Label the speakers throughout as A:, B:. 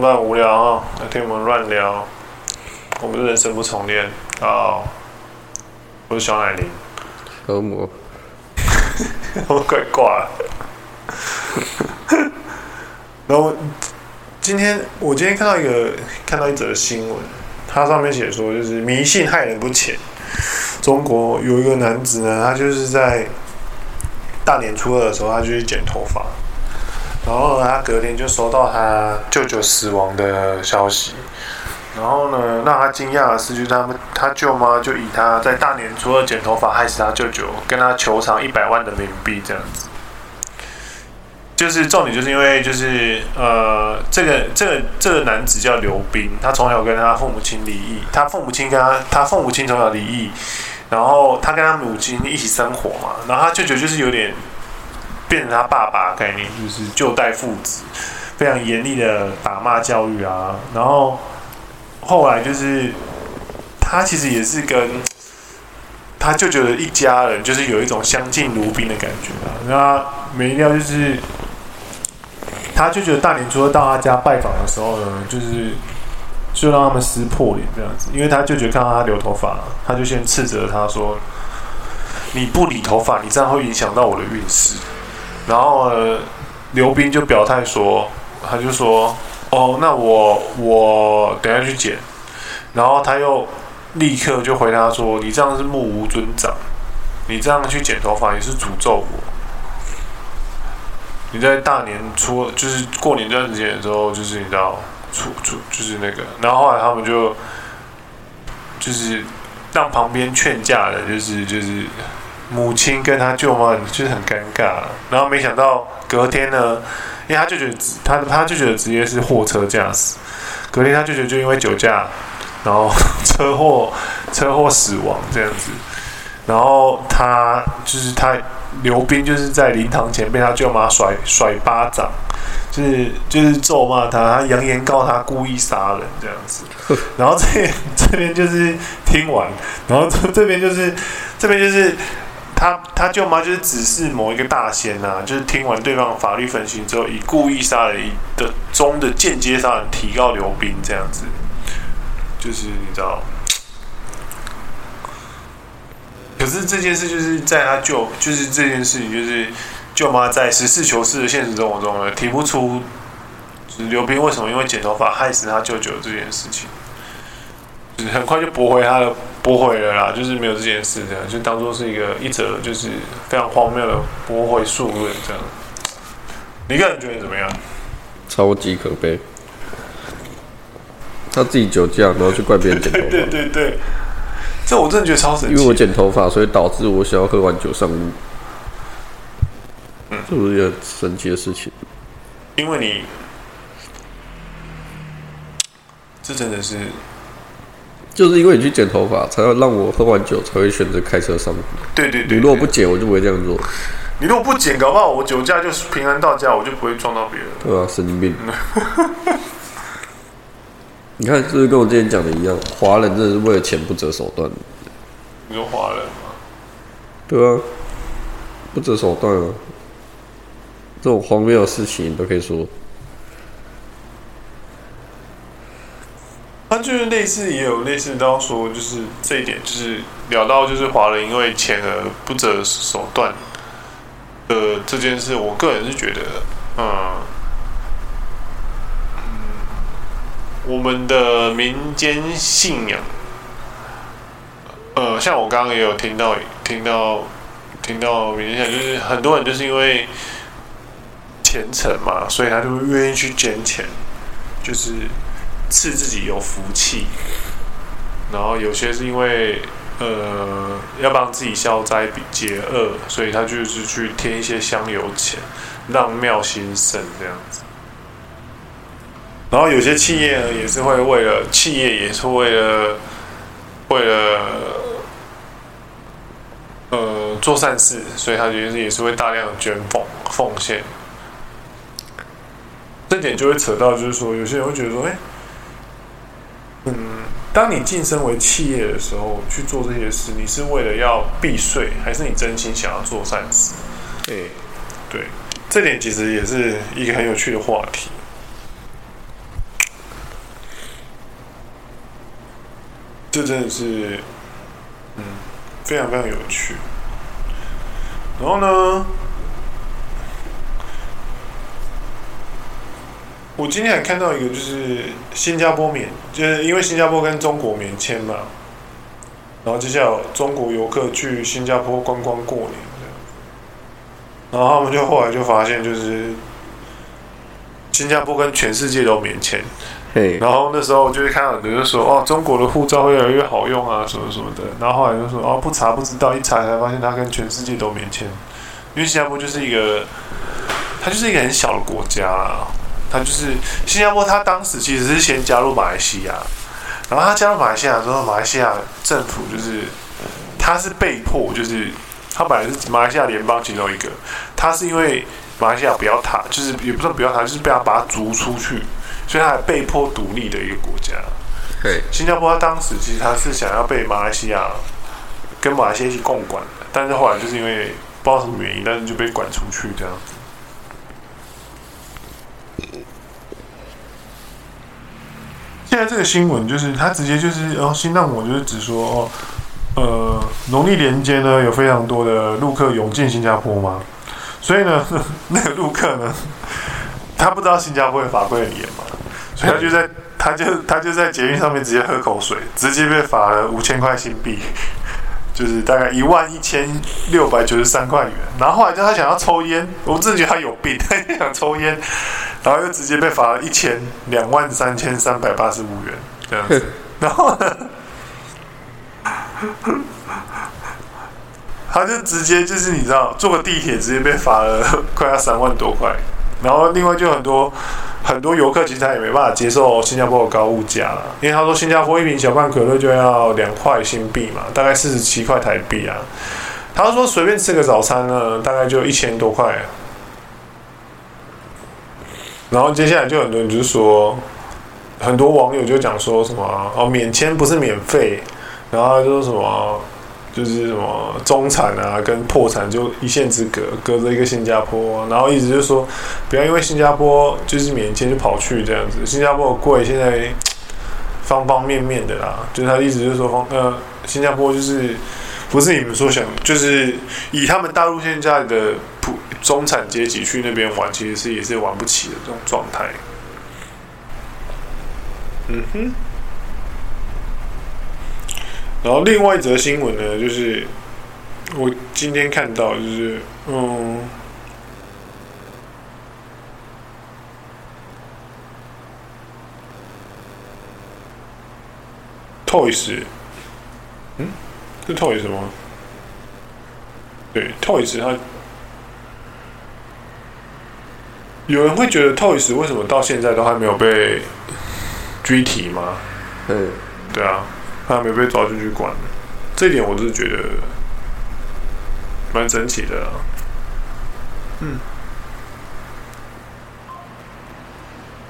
A: 們無聊啊，來聽我們亂聊。我們的人生不重練。然後我是小奶鈴，何母魔， 我快掛了。然後今天我今天看到一個看到一則新聞，它上面寫說就是迷信害人不淺。中國有一個男子呢，他就是在大年初二的時候，他就去剪頭髮。然後他隔天就收到他舅舅死亡的消息，然後呢，讓他驚訝的是，就是，就他們他舅媽就以他在大年初二剪頭髮害死他舅舅，跟他求償一百萬人民幣這樣子。就是重點就是因為就是呃，這個這個這個男子叫劉斌，他從小跟他父母親離異，他父母親跟他他父母親從小離異，然後他跟他母親一起生活嘛，然後他舅舅就是有點。變成他爸爸的概念，就是就代父子，非常嚴厲的打罵教育啊。然後後來就是他其實也是跟他舅舅的一家人，就是有一種相敬如賓的感覺啊。那沒料就是他舅舅大年初二到他家拜訪的時候呢，就是就讓他們撕破臉這樣子。因為他舅舅看到他留頭髮，他就先斥責他說：“你不理頭髮，你這樣會影響到我的運勢。”然後呢，劉斌就表態說，他就說，哦，那我我等下去剪，然後他又立刻就回答說，你這樣是目無尊長，你這樣去剪頭髮也是詛咒我。你在大年初就是過年這段時間的時候，就是你知道，初初就是那個，然後後來他們就就是讓旁邊勸架的，就是就是。就是母親跟他舅媽，就是很尷尬啊。然後沒想到隔天呢，因為他舅舅他他舅舅的職業是貨車駕駛，隔天他舅舅就因為酒駕，然後車禍車禍，死亡這樣子。然後他就是他劉斌就是在靈堂前被他舅媽甩甩巴掌，就是就是咒罵他，他揚言告他故意殺人這樣子。然後這這邊就是聽完，然後這邊就是這邊就是。他他舅媽就是只是某一個大仙吶、啊，就是聽完對方法律分析之後，以故意殺人以的中的間接殺人，提告劉斌這樣子，就是你知道。可是這件事就是在他舅，就是這件事情就是舅媽在實事求是的現實生活中呢，提不出就是、劉斌為什麼因為剪頭髮害死他舅舅這件事情，就是、很快就駁回他的。駁回了啦，就是沒有這件事這樣，就當做是一個一則就是非常荒謬的駁回訴訟這樣。你個人覺得怎
B: 麼樣？超級可悲，他自己酒駕，然後去怪別人剪頭髮。 對對對,對這我真的覺得超神奇。因為我剪頭髮，所以導致我想要喝完酒上路，嗯、這是不是一個神奇的事情？
A: 因為你，這真的是。
B: 就是因為你去剪頭髮，才會讓我喝完酒才會選擇開車上路。對對，對對對，你如果不剪，我就不會這樣做。
A: 你如果不剪，搞不好我酒駕就是平安到家，我就不會撞
B: 到別人。對啊，神經病。 你看，是、就、不是跟我之前講的一樣？華人真的是為了錢不擇手段。你說華人嗎？對啊，不擇手段啊，這種荒謬的事情你都可以說。
A: 就是類似也有類似，到說就是這一點，就是聊到就是華人因為錢而不擇手段的這件事，我個人是覺得，嗯，我們的民間信仰，呃，像我剛剛也有聽到聽到聽到民間信仰就是很多人就是因為虔誠嘛，所以他就會願意去捐錢，就是。賜自己有福氣，然後有些是因為呃，要幫自己消災解厄，所以他就是去添一些香油錢，讓廟興盛這樣子。然後有些企業呢，也是會為了企業，也是為了為了呃做善事，所以他覺得，就是也是會大量捐奉奉獻。這點就會扯到，就是說有些人會覺得說，哎、欸。嗯，當你晉升為企業的時候去做這些事，你是為了要避稅，還是你真心想要做善事？對、欸，對，這點其實也是一個很有趣的話題。嗯、這真的是，嗯，非常非常有趣。然後呢？我今天還看到一個，就是新加坡免，就是因為新加坡跟中國免簽嘛，然後就叫中國遊客去新加坡觀光過年這樣，然後他們就後來就發現，就是新加坡跟全世界都免簽，Hey. 然後那時候我就看到很多人就說，比如說哦，中國的護照會越來越好用啊，什麼什麼的，然後後來就說哦，不查不知道，一查才發現它跟全世界都免簽，因為新加坡就是一個，它就是一個很小的國家啊。他就是新加坡，他當時其實是先加入馬來西亞，然後他加入馬來西亞之後，馬來西亞政府就是他是被迫，就是他本來是馬來西亞聯邦其中一個，他是因為馬來西亞不要他，就是也不算不要他，就是被他把他逐出去，所以他還被迫獨立的一個國家。對，新加坡他當時其實他是想要被馬來西亞跟馬來西亞一起共管的，但是後來就是因為不知道什麼原因，但是就被管出去這樣。現在這個新聞就是他直接就是哦，新浪，我就是只說、哦，呃，農曆年間，呢，有非常多的陸客湧進新加坡嘛，所以呢，那個陸客呢，他不知道新加坡的法規很嚴嘛，所以他就在他就他就在捷運上面直接喝口水，直接被罰了五千塊新幣，就是大概一萬一千六百九十三塊元。然後後來就他想要抽煙，我自己覺得他有病，他想抽煙。然後又直接被罰了一千兩萬三千三百八十五元這樣子，然後呢，他就直接就是你知道坐個地鐵直接被罰了快要三萬多塊，然後另外就很多很多遊客其實他也沒辦法接受新加坡的高物價，因為他說新加坡一瓶小罐可樂就要兩塊新幣嘛，大概四十七塊台幣啊，他說隨便吃個早餐呢，大概就一千多塊。然後接下來就很多人就說，很多網友就講說什麼、啊、哦，免簽不是免費，然後說什麼就是什麼、啊就是什麼啊、中產啊跟破產就一線之隔，隔着一個新加坡、啊，然後一直就說不要因為新加坡就是免簽就跑去這樣子，新加坡的貴，現在方方面面的啦，就是他一直就說方呃新加坡就是不是你們所想，就是以他們大陸現在的。中產階級去那邊玩，其實是也是玩不起的這種狀態。嗯哼。然後另外一則新聞呢，就是我今天看到，就是嗯，Toys，嗯，是 Toys 嗎？對，Toys 它。有人會覺得 Toys 為什麼到現在都還沒有被拘提嗎？嗯，對啊，他還沒被抓進去管。這這點我就是覺得蠻神奇的、啊。嗯。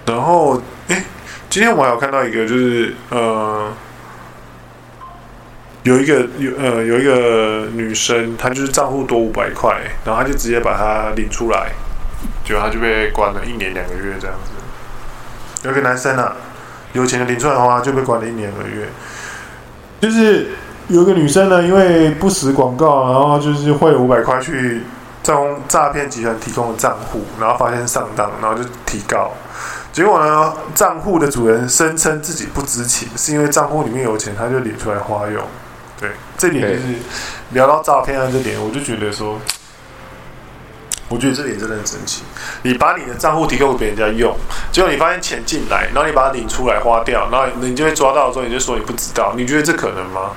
A: 然後，哎、欸，今天我還有看到一個，就是嗯、呃，有一個有嗯、呃，有一個女生，她就是賬戶多五百塊，然後她就直接把它領出來。就果，他就被關了一年兩個月這樣子。有個男生啊，有錢的領出來花，就被關了一年兩個月。就是有個女生呢，因為不實廣告，然後就是匯五百塊去從詐騙集團提供的賬戶，然後發現上當，然後就提告。結果呢，賬戶的主人聲稱自己不知情，是因為賬戶裡面有錢，他就領出來花用。對，這點就是 Okay. 聊到詐騙案這點，我就覺得說。我覺得這點真的很神奇。你把你的賬戶提供給人家用，結果你發現錢進來，然後你把它領出來花掉，然後你就會抓到的時候，你就說你不知道。你覺得這可能嗎？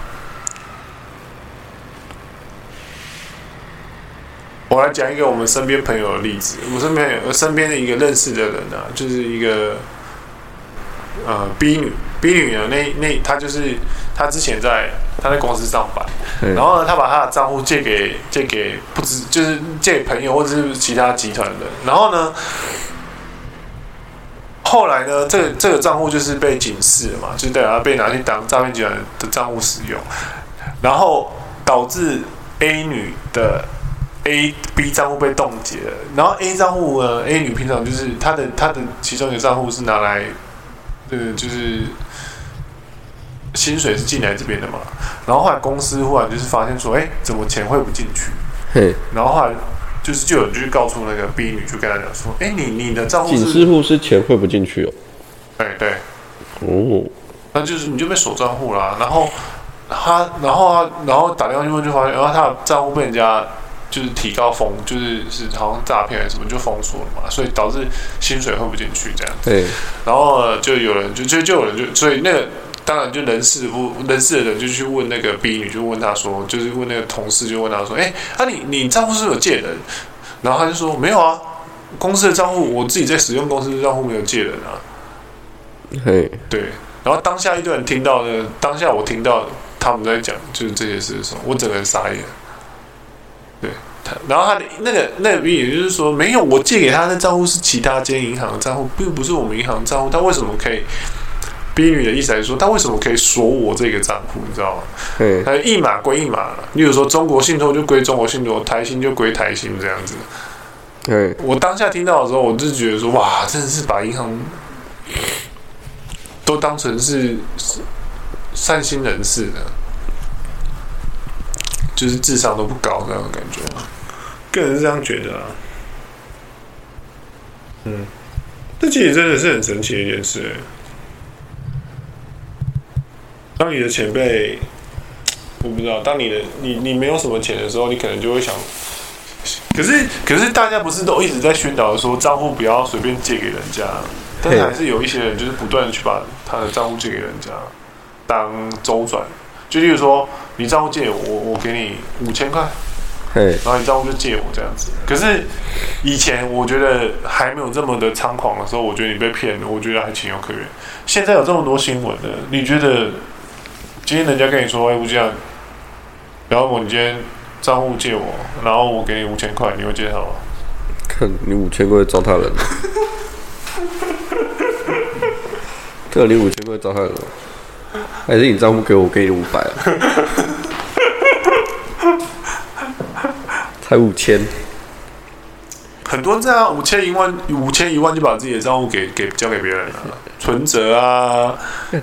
A: 我來講一個我們身邊朋友的例子。我們身邊，我身邊的一個認識的人呢、啊，就是一個呃，B 女 B 女的，那那她就是她之前在。他在公司上班，然後呢，他把他的賬戶借給借給不止就是借給朋友或者是其他集團的，然後呢，後來呢，這個、這個賬戶就是被警示了嘛，就是等、啊、被拿去當詐騙集團的賬戶使用，然後導致 A 女的 A、B 賬戶被凍結了，然後 A 賬戶呢 A 女平常就是她的她的其中一個賬戶是拿來，這個就是。薪水是進來這邊的嘛？然後後來公司忽然就是發現說，哎、欸，怎麼錢匯不進去？嘿。然後後來就是就有人就去告訴那個 B 女，就跟她講說，哎、欸，你你的賬戶是賬
B: 戶是錢匯不進去哦。對、
A: 欸、對。哦。那就是你就被鎖賬戶了、啊。然後他，然後啊，然後打電話去問，就發現，然後他的賬戶被人家就是提高封，就是是好像詐騙還是什麼，就封鎖了嘛，所以導致薪水匯不進去這樣。對、欸。然後就有人就就就有人就所以那。個。當然，就人事，我人事的人就去問那個 B 就問他說，就是問那個同事，就問他說，哎、欸，啊你你賬戶是不是有借人？然後他就說沒有啊，公司的賬戶我自己在使用，公司的賬戶沒有借人啊。嘿，Hey. 對，然後當下一段聽到的，當下我聽到他們在講就是這件事的時候，我整個人傻眼。對他，然後他的那個那個 B 也就是說沒有，我借給他的賬戶是其他間銀行的賬戶，並不是我們銀行賬戶，他為什麼可以？比，你的意思來說，他為什麼可以鎖我這個賬戶？你知道嗎？嗯、哎，一碼歸一碼。你比如說，中國信託就歸中國信託，台新就歸台新，這樣子。對、哎，我當下聽到的時候，我就覺得說，哇，真的是把銀行都當成是善心人士的，就是智商都不高那種感覺。個人是這樣覺得。啊。嗯，這其實真的是很神奇的一件事、欸，當你的前輩，我不知道。當你的你你沒有什麼錢的時候，你可能就會想。可是可是，大家不是都一直在宣導說賬戶不要隨便借給人家？但是還是有一些人就是不斷的去把他的賬戶借給人家當周轉。就例如說，你賬戶借我，我，我給你五千塊。
B: 對。然
A: 後你賬戶就借我這樣子。可是以前我覺得還沒有這麼的猖狂的時候，我覺得你被騙，我覺得還情有可原。現在有這麼多新聞的，你覺得？今天人家跟你說，要、欸、不這樣，然後我你今天賬戶借我，然後我給你五千塊，你會接受嗎？
B: 看你五千塊招他人了，看 你五千塊招他人了，還是你賬戶給我，我給你五百啊？ 才五千，
A: 很多人這樣、啊，五千一萬，五千一萬就把自己的賬戶給給交給別人了。 存折啊，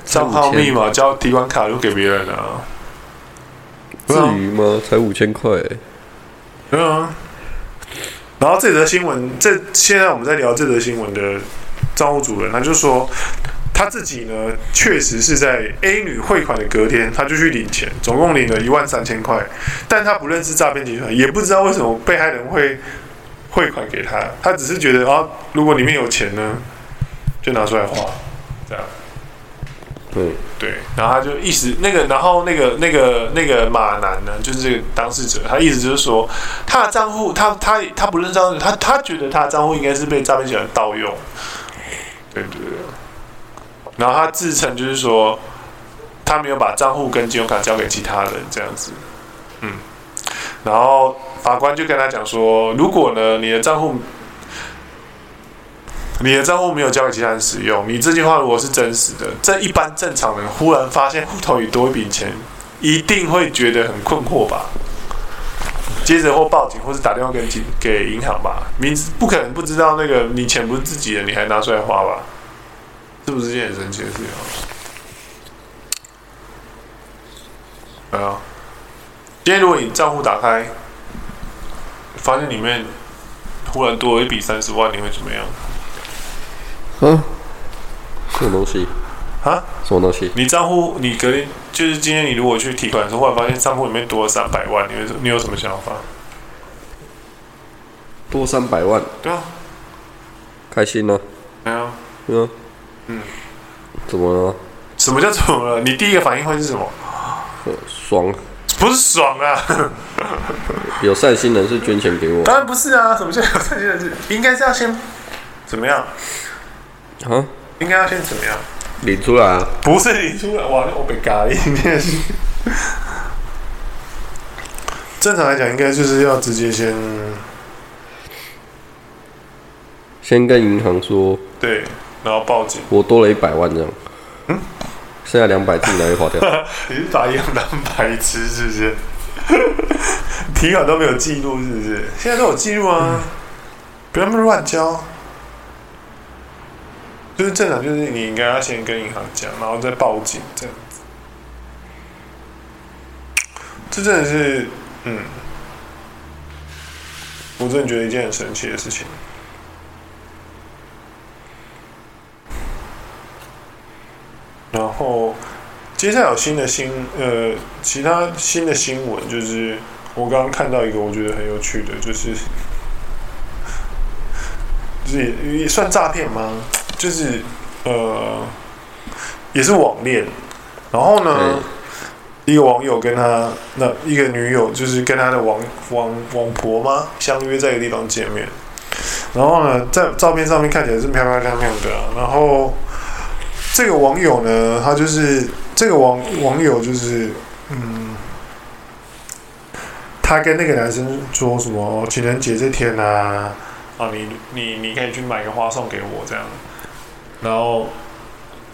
A: 賬號密碼、交提款卡都給別人啊。至於嗎？有
B: 沒有才五千塊，
A: 嗯。然後這則新聞，這現在我們在聊這則新聞的賬戶主人，他就說他自己呢，確實是在 A 女匯款的隔天，他就去領錢，總共領了一萬三千塊。但他不認識詐騙集團，也不知道為什麼被害人會匯款給他，他只是覺得啊，如果裡面有錢呢，就拿出來花。這樣，對、嗯、對，然後他就意思那個，然後那個那個那個馬男呢，就是這個當事者，他意思就是說，他的賬戶，他他他，他不認帳，他他覺得他的賬戶應該是被詐騙小人盜用，對對對，然後他自稱就是說，他沒有把賬戶跟金融卡交給其他人這樣子，嗯，然後法官就跟他講說，如果呢你的賬戶。你的賬戶沒有交給其他人使用，你這句話如果是真實的，這一般正常人忽然發現戶頭裡多一筆錢，一定會覺得很困惑吧？接着或報警，或者打電話給警給銀行吧。明知不可能不知道那個你錢不是自己的，你還拿出來花吧？是不是件很神奇的事情？啊！今天如果你賬戶打開，發現裡面忽然多了一筆三十萬，你會怎麼樣？
B: 嗯，什麼東西？啊？什麼東西？
A: 你賬戶，你隔，就是今天你如果去提款的時候，忽然發現賬戶裡面多了三百萬，你有什你有什麼想法？多
B: 三百萬？對啊。開心呢、啊？
A: 沒有、啊。啊、
B: 嗯。嗯。怎麼了？什麼叫怎麼
A: 了？你第一個反應會是什麼？
B: 爽。
A: 不是爽啊。
B: 有善心人士捐錢給我。當然不是啊，
A: 什麼叫有善心人士？應該是要先怎麼樣？啊！應該要先怎麼樣？領出來啊！不是領出來，哇！我被幹了，真的是。 正常來講，應該就是要直接先，
B: 先跟銀行說。
A: 對，然後報警。
B: 我多了一百萬這樣。嗯。剩下兩百自己拿去花掉。 你
A: 是把銀行當白痴是不是？提 卡都沒有記錄是不是？現在都有記錄啊！嗯、不要亂交。就是正常，就是你應該要先跟銀行講，然後再報警這樣子。這真的是，嗯，我真的覺得一件很神奇的事情。然後，接下來有新的新呃，其他新的新聞，就是我剛剛看到一個我覺得很有趣的，就是，就是也，也算詐騙嗎？就是，呃，也是網戀，然後呢，嗯、一個網友跟他那一個女友，就是跟他的網網網婆嗎？相約在一個地方見面，然後呢，在照片上面看起來是漂漂亮亮的，啊，然後這個網友呢，他就是這個網網友，就是嗯，他跟那個男生說什麼情人節這天吶，啊，啊，你你你可以去買個花送給我這樣。然後，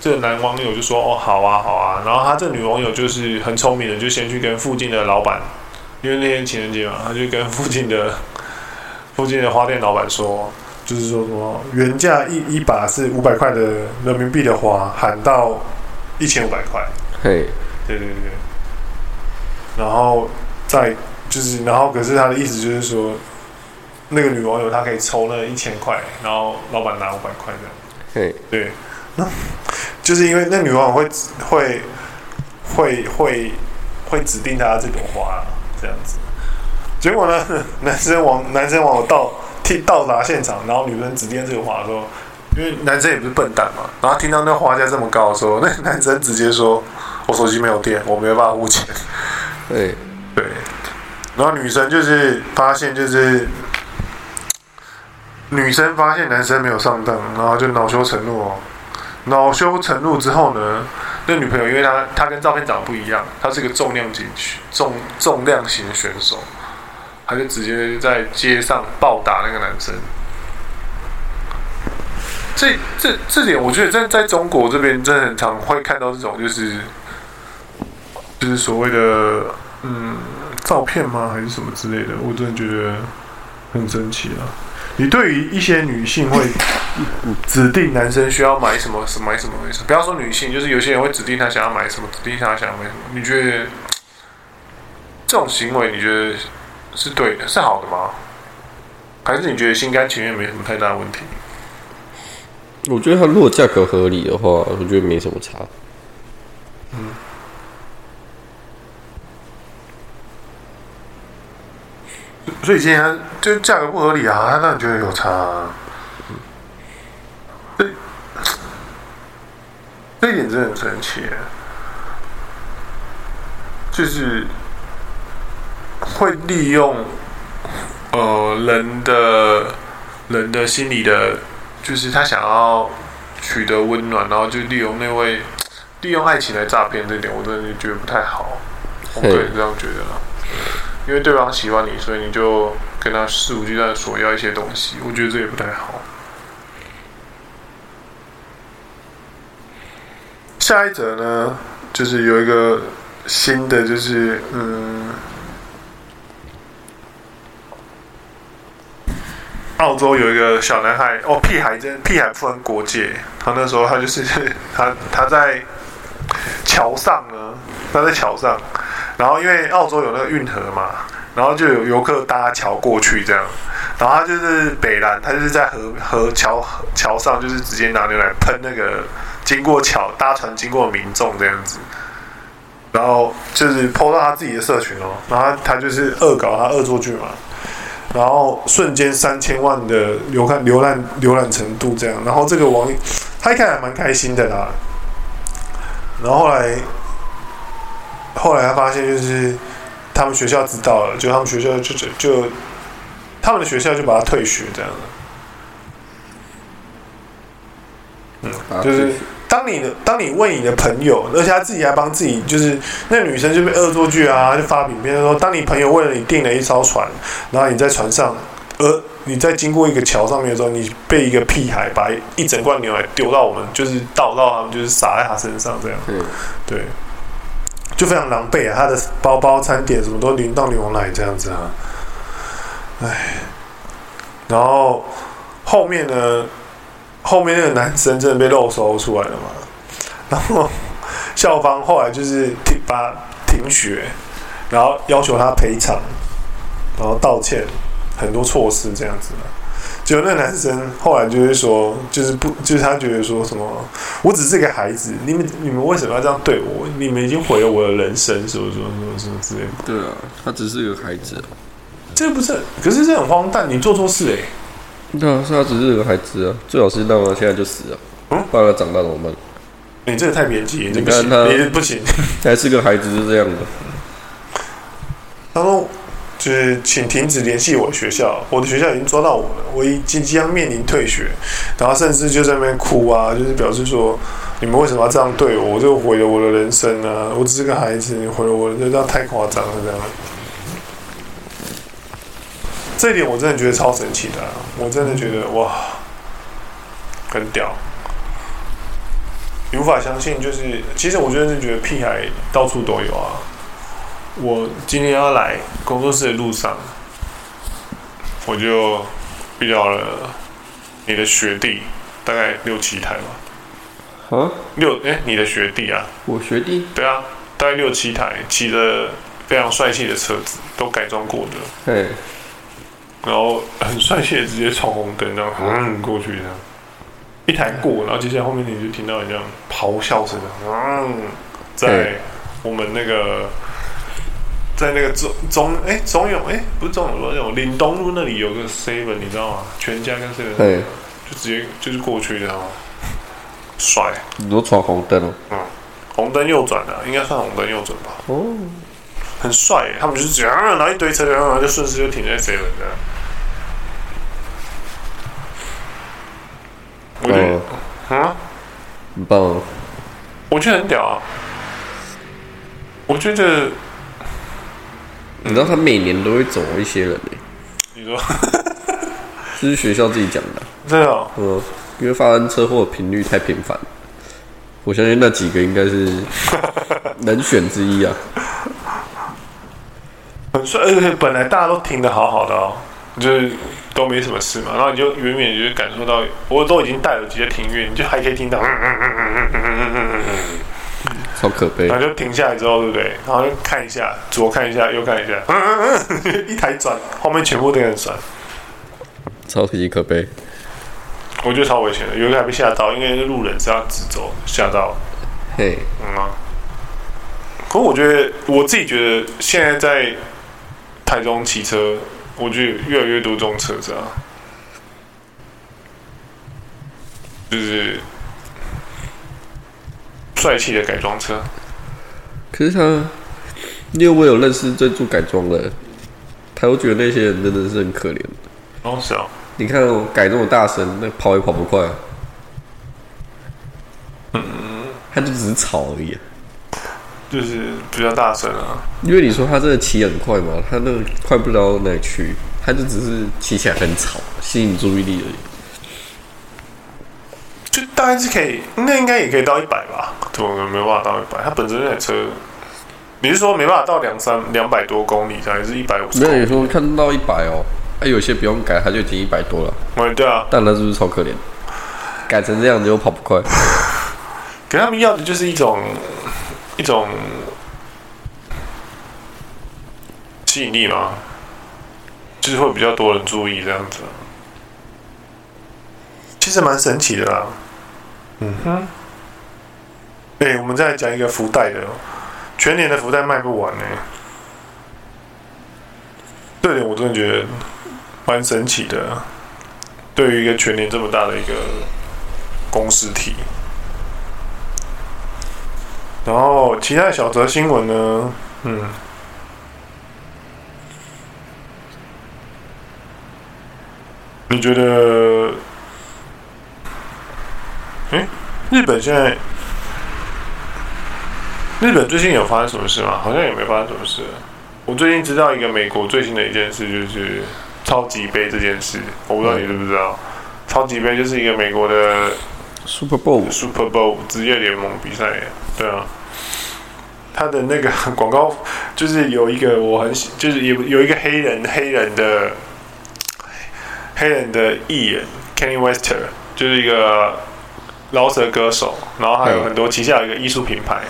A: 這個、男網友就說：“哦，好啊，好啊。”然後他這女網友就是很聰明的，就先去跟附近的老闆，因為那天情人節嘛，他就跟附近的附近的花店老闆說，就是說什麼原價一一把是五百塊的人民幣的花，喊到一千五百塊。嘿，Hey. 對對對。然後再就是，然後可是他的意思就是說，那個女網友她可以抽那一千塊，然後老闆拿五百塊的。嘿 對，那就是因為那女王會會會會會指定他這朵花，啊、這樣子，結果呢，男生往男生往我到到達現場，然後女生指定這個花的時候，因為男生也不是笨蛋嘛，然後聽到那花價這麼高的時候，那男生直接說，我手機沒有電，我沒有辦法付錢。對嘿 對，然後女生就是發現就是。女生發現男生沒有上當，然後就惱羞成怒。惱羞成怒之後呢，那女朋友因為她她跟照片長得不一樣，她是個重量級重重量型選手，她就直接在街上暴打那個男生。這這這點，我覺得在在中國這邊真的很常會看到這種，就是，就是就是所謂的嗯照片嗎，還是什麼之類的，我真的覺得很神奇啊。你對於一些女性會指定男生需要買什麼什麼什麼什麼，不要說女性，就是有些人會指定他想要買什麼，指定他想要買什麼。你覺得這種行為，你覺得是對的、是好的嗎？還是你覺得心甘情願沒什麼太大問題？
B: 我覺得他如果價格合理的話，
A: 我覺得沒什麼差。嗯。所以今天他，就價格不合理啊，他讓你覺得有差啊。這這一點真的很神奇，就是會利用呃人的人的心理的，就是他想要取得溫暖，然後就利用那位利用愛情來詐騙。這點我真的就覺得不太好，我個人是這樣覺得了。因為對方喜歡你，所以你就跟他肆無忌憚索要一些東西，我覺得這也不太好。下一則呢，就是有一個新的，就是嗯，澳洲有一個小男孩，哦，屁孩真的屁孩不分國界。他那時候他就是他他在橋上呢，他在橋上。然後因為澳洲有那個運河嘛，然後就有遊客搭橋過去這樣，然後他就是北蘭，他就是在河河橋橋上，就是直接拿牛奶噴那個經過橋搭船經過的民眾這樣子，然後就是潑到他自己的社群哦，然後他，他就是惡搞他惡作劇嘛，然後瞬間三千萬的瀏覽瀏覽瀏覽，瀏覽程度這樣，然後這個網友他一看還蠻開心的啦，然後後來。後來他發現，就是他們學校知道了，就他們學校就就就他們的學校就把他退學這樣了。嗯，就是當你的當你問你的朋友，而且他自己還幫自己，就是那個、女生就被惡作劇啊，就發影片說，當你朋友為了你訂了一艘船，然後你在船上，而、呃、你在經過一個橋上面的時候，你被一個屁孩把一,一整罐牛奶丟到我們，就是倒到他們，就是灑在他身上這樣。是對。就非常狼狽啊！他的包包、餐點什麼都淋到牛奶這樣子啊，唉。然後後面呢，後面那個男生真的被肉搜出來了嘛？然後校方後來就是停，把停學，然後要求他賠償，然後道歉，很多措施這樣子啊。就那男生後來就是說，就是不，就是他覺得說什麼，我只是一個孩子，你們你們為什麼要這樣對我？你們已經毀了我的人生，什麼什麼什麼什麼之類。是是是是的對啊，他只是一個孩子，啊，這不是，可是這很荒誕。你做錯事誒、欸。
B: 對啊，是他只是個孩子啊，最好是那麼現在就死啊。嗯，不然他長大怎麼辦？你這個太偏激，你看他不行， 還是個孩子就這樣的，
A: 然後。就是請停止聯繫我學校，我的學校已經抓到我了，我已經即將面臨退學，然後甚至就在那邊哭啊，就是表示說你們為什麼要這樣對我，我就毀了我的人生啊！我只是個孩子，你毀了我人生，這樣太誇張了，這樣。這一點我真的覺得超神奇的啊，我真的覺得哇，很屌，你無法相信，就是其實我真的覺得屁孩到處都有啊。我今天要來工作室的路上，我就遇到了你的學弟，大概六七台吧。啊、嗯？六、哎、欸，你的學弟啊？我學弟？對啊，大概六七台，騎着非常帥氣的車子，都改裝過的。對嘿。然後很帥氣的直接闖紅燈那樣，嗯，過去這樣，一台過，然後接下來後面你就聽到一樣咆哮聲，嗯，
B: 在
A: 我們那個。在那個中中哎、欸、中永哎、欸、不是中永、不是中永嶺東路那裡有個 seven 你知道嗎？全家跟 seven、欸、那個，就直接就是過去你知道嗎？帥，
B: 你都闖紅燈了。嗯，
A: 紅燈右轉的、啊，應該算紅燈右轉吧。哦、嗯，很帥、欸，他們就是這樣、啊，然後一堆車然後、啊、就順勢就停在 seven 這樣。嗯、我覺得，哈、嗯，蛤很棒。哦。我覺得很屌啊。我覺得。
B: 你知道他每年都會走一些人呢、欸，你說，這 是學校自己講的、啊，對哦，嗯、呃，因為發生車禍的頻率太頻繁，我相信那幾個應該是人選之一啊
A: 呃。本來大家都聽得好好的哦，就是都沒什麼事嘛，然後你就遠遠就是感受到，我都已經戴耳機在聽音樂，你就還可以聽到嗯嗯嗯嗯嗯嗯嗯嗯嗯嗯好可悲，然後就停下來之後，對不對？然後就看一下左，看一下右，看一下，呵呵呵一台一轉，後面全部都很酸，超級可悲。我覺得超危險的，有一個還被嚇到，因為那路人是要直走，嚇到。嘿，嗯啊。可是我覺得，我自己覺得，現在在台中騎車，我覺得越來越多這種車子啊，就是。帥
B: 氣的改裝車，可是他，因為我有認識在做改裝的，他都覺得那些人真的是很可憐。好、哦、小。你看，我改這麼大聲，那跑也跑不快。嗯，他就只是吵而已，
A: 就是比較大聲
B: 啊。因為你說他這個騎很快嘛，他那個快不到哪裡去，他就只是騎起來很吵，吸引注意力而已。
A: 就大概是可以，那應該也可以到一百吧？怎麼沒辦法到一百？它本身那台車，你是說沒辦法到兩三兩百多公里，才是一百五十？沒
B: 有，你說看到一百哦，哎、啊，有些不用改，它就已經一百多了、欸。對啊，但那是不是超可憐？改成這樣子又跑不快，可
A: 他們要的就是一種一種吸引力嘛，就是會比較多人注意這樣子。其實蠻神奇的啦。嗯哼，哎、欸，我們再講一個福袋的，全年的福袋賣不完呢、欸。這點我真的覺得蠻神奇的，對於一個全年這麼大的一個公司體。然後，其他的小則新聞呢？嗯，你覺得？哎，日本現在日本最近有發生什麼事嗎？好像也沒發生什麼事。我最近知道一個美國最新的一件事，就是超級杯這件事。我不知道你知不知道，超級杯就是一個美國的 Super Bowl，Super Bowl 職業聯盟比賽。對啊，他的那個廣告就是有一個我很喜，就是有有一個黑人黑人的黑人的藝人 Kenny Wester，就是一個。饒舌歌手，然後還有很多旗下有一個藝術品牌，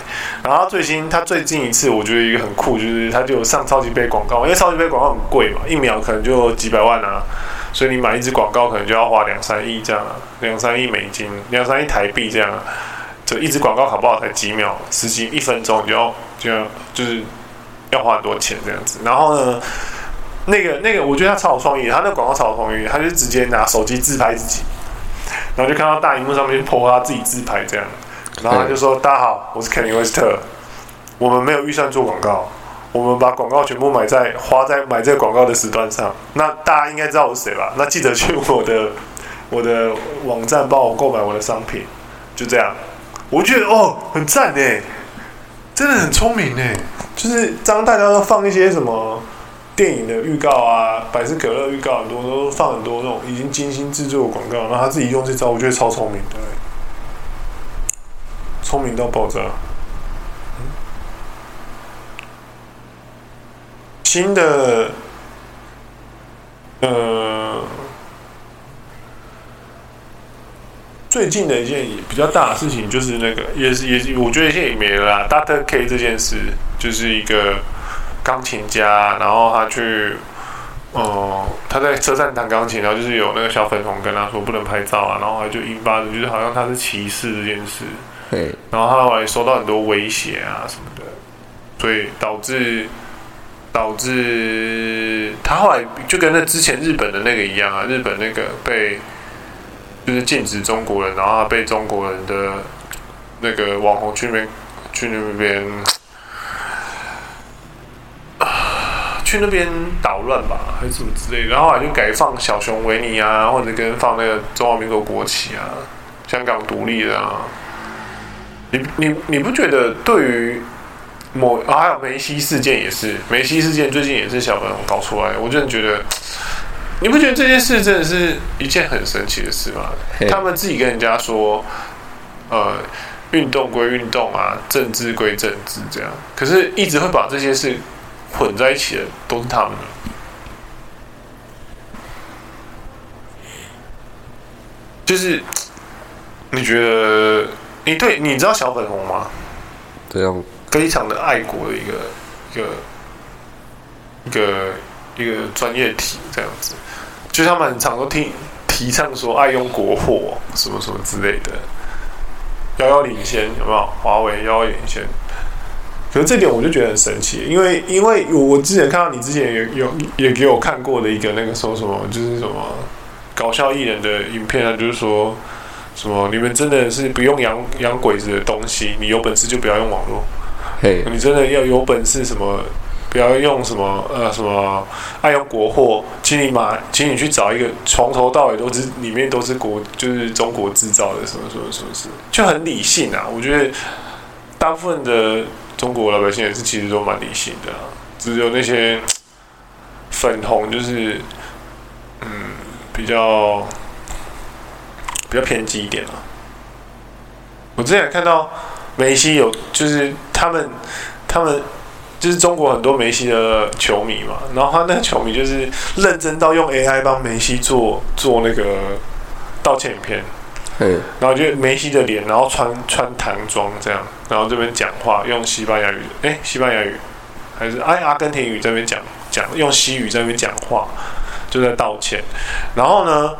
A: 嗯、然後最新他最近一次我覺得一個很酷，就是他就上超級盃廣告，因為超級盃廣告很貴嘛，一秒可能就幾百萬啊，所以你買一支廣告可能就要花兩三億這樣兩三億美金，兩三億台幣這樣，就一支廣告好不好才幾秒，十幾一分鐘你就要就要就是要花很多錢這樣子。然後呢，那個那個我覺得他超有創意的，他那廣告超有創意，他就直接拿手機自拍自己。然後就看到大螢幕上面 po 他自己自拍這樣，然後他就說：“嗯、大家好，我是肯尼威斯特。我們沒有預算做廣告，我們把廣告全部買在花在買這個廣告的時段上。那大家應該知道我是誰吧？那記得去我的我的網站幫我購買我的商品，就這樣。我覺得哦，很讚呢，真的很聰明呢。就是當大家都放一些什麼。”電影的預告啊，百事可樂預告，很多都放很多那種已經精心制作的廣告，然後他自己用這招，我覺得超聰明，對，聰明到爆炸。嗯，新的，呃，最近的一件也比較大的事情就是那個，也是也是，我覺得現在也沒了啦，Doctor K 這件事就是一個。鋼琴家，然後他去，呃，他在車站彈鋼琴，然後就是有那個小粉紅跟他說不能拍照啊，然後他就引發的就是好像他是歧視這件事，對嘿，然後他後來收到很多威脅啊什麼的，所以導致導致他後來就跟那之前日本的那個一樣啊，日本那個被就是禁止中國人，然後他被中國人的那個網紅去那邊去那邊。去那邊搗亂吧，還是什麼之類的？然後還就改放小熊維尼啊，或者跟放那個中華民國國旗啊，香港獨立的啊。你你你不覺得對於某、哦、還有梅西事件也是，梅西事件最近也是小朋友搞出來。我真的覺得，你不覺得這件事真的是一件很神奇的事嗎？Hey. 他們自己跟人家說，呃，運動歸運動啊，政治歸政治這樣，可是，一直會把這件事。混在一起的都是他們的，就是你覺得你對你知道小粉紅嗎？
B: 這樣，
A: 非常的愛國的一個一個一個一個專業體這樣子，就像我們很常說提提倡說愛用國貨什麼什麼之類的，遙遙領先有沒有？華為遙遙領先。可是這點我就覺得很神奇，因為因為我之前看到你之前也有也給我看過的一個那個說什麼就是什麼搞笑藝人的影片啊，就是說什麼你們真的是不用洋洋鬼子的東西，你有本事就不要用網絡，Hey. 你真的要有本事什麼不要用什麼呃什麼愛用國貨，請你買，請你去找一個從頭到尾都是裡面都是國就是中國製造的什麼什麼什麼，什麼，就很理性啊，我覺得大部分的。中國老百姓也是，其實都蠻理性的啊，只有那些粉紅，就是嗯，比較比較偏激一點啊。我之前看到梅西有，就是他們，他們就是中國很多梅西的球迷嘛，然後他那個球迷就是認真到用 AI 幫梅西做做那個道歉影片。嗯，然後就梅西的臉，然後穿穿唐裝這樣，然後這邊講話用西班牙語，哎，西班牙語還是哎阿根廷語，這邊講講，用西語在那邊講話，就在道歉。然後呢，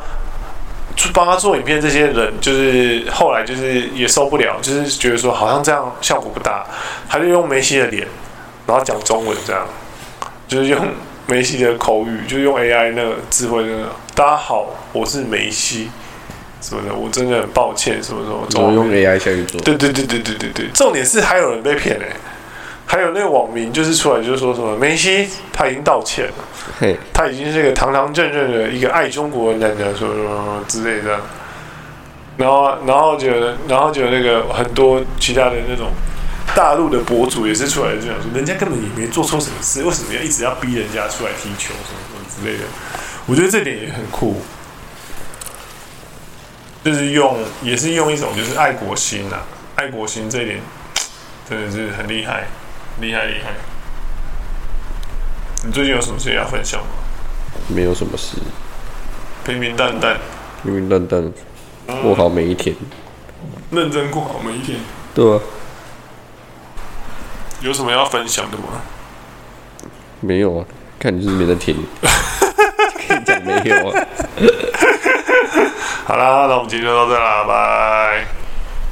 A: 幫他做影片，這些人就是後來就是也受不了，就是覺得說好像這樣效果不大，他就用梅西的臉，然後講中文這樣，就是用梅西的口語，就用 AI 那個智慧那個，大家好，我是梅西。什麼的，我真的很抱歉。什麼什麼，我用
B: AI 下去做。對對對
A: 對對對對，重點是還有人被騙呢。還有那個網民就是出來就說什麼梅西他已經道歉了，嘿他已經是一個堂堂正正的一個愛中國人的，人說什麼什麼之類的。然後然後就然後就那個很多其他的那種大陸的博主也是出來這樣說，人家根本也沒做錯什麼事，為什麼要一直要逼人家出來踢球什麼什麼之類的？我覺得這點也很酷。就是用，也是用一種就是愛國心啊。愛國心這一點真的是很厲害，厲害厲害。你最近有什麼事要分享嗎？
B: 沒有什麼事，
A: 平平淡淡，
B: 平平淡淡，過好每一天，
A: 嗯、認真過好每一天。對啊，有什麼要分享的嗎？
B: 沒有啊，看你是不是沒在聽，
A: 跟你講沒有啊。
B: 好啦，那我們今天就
A: 到這啦，拜拜。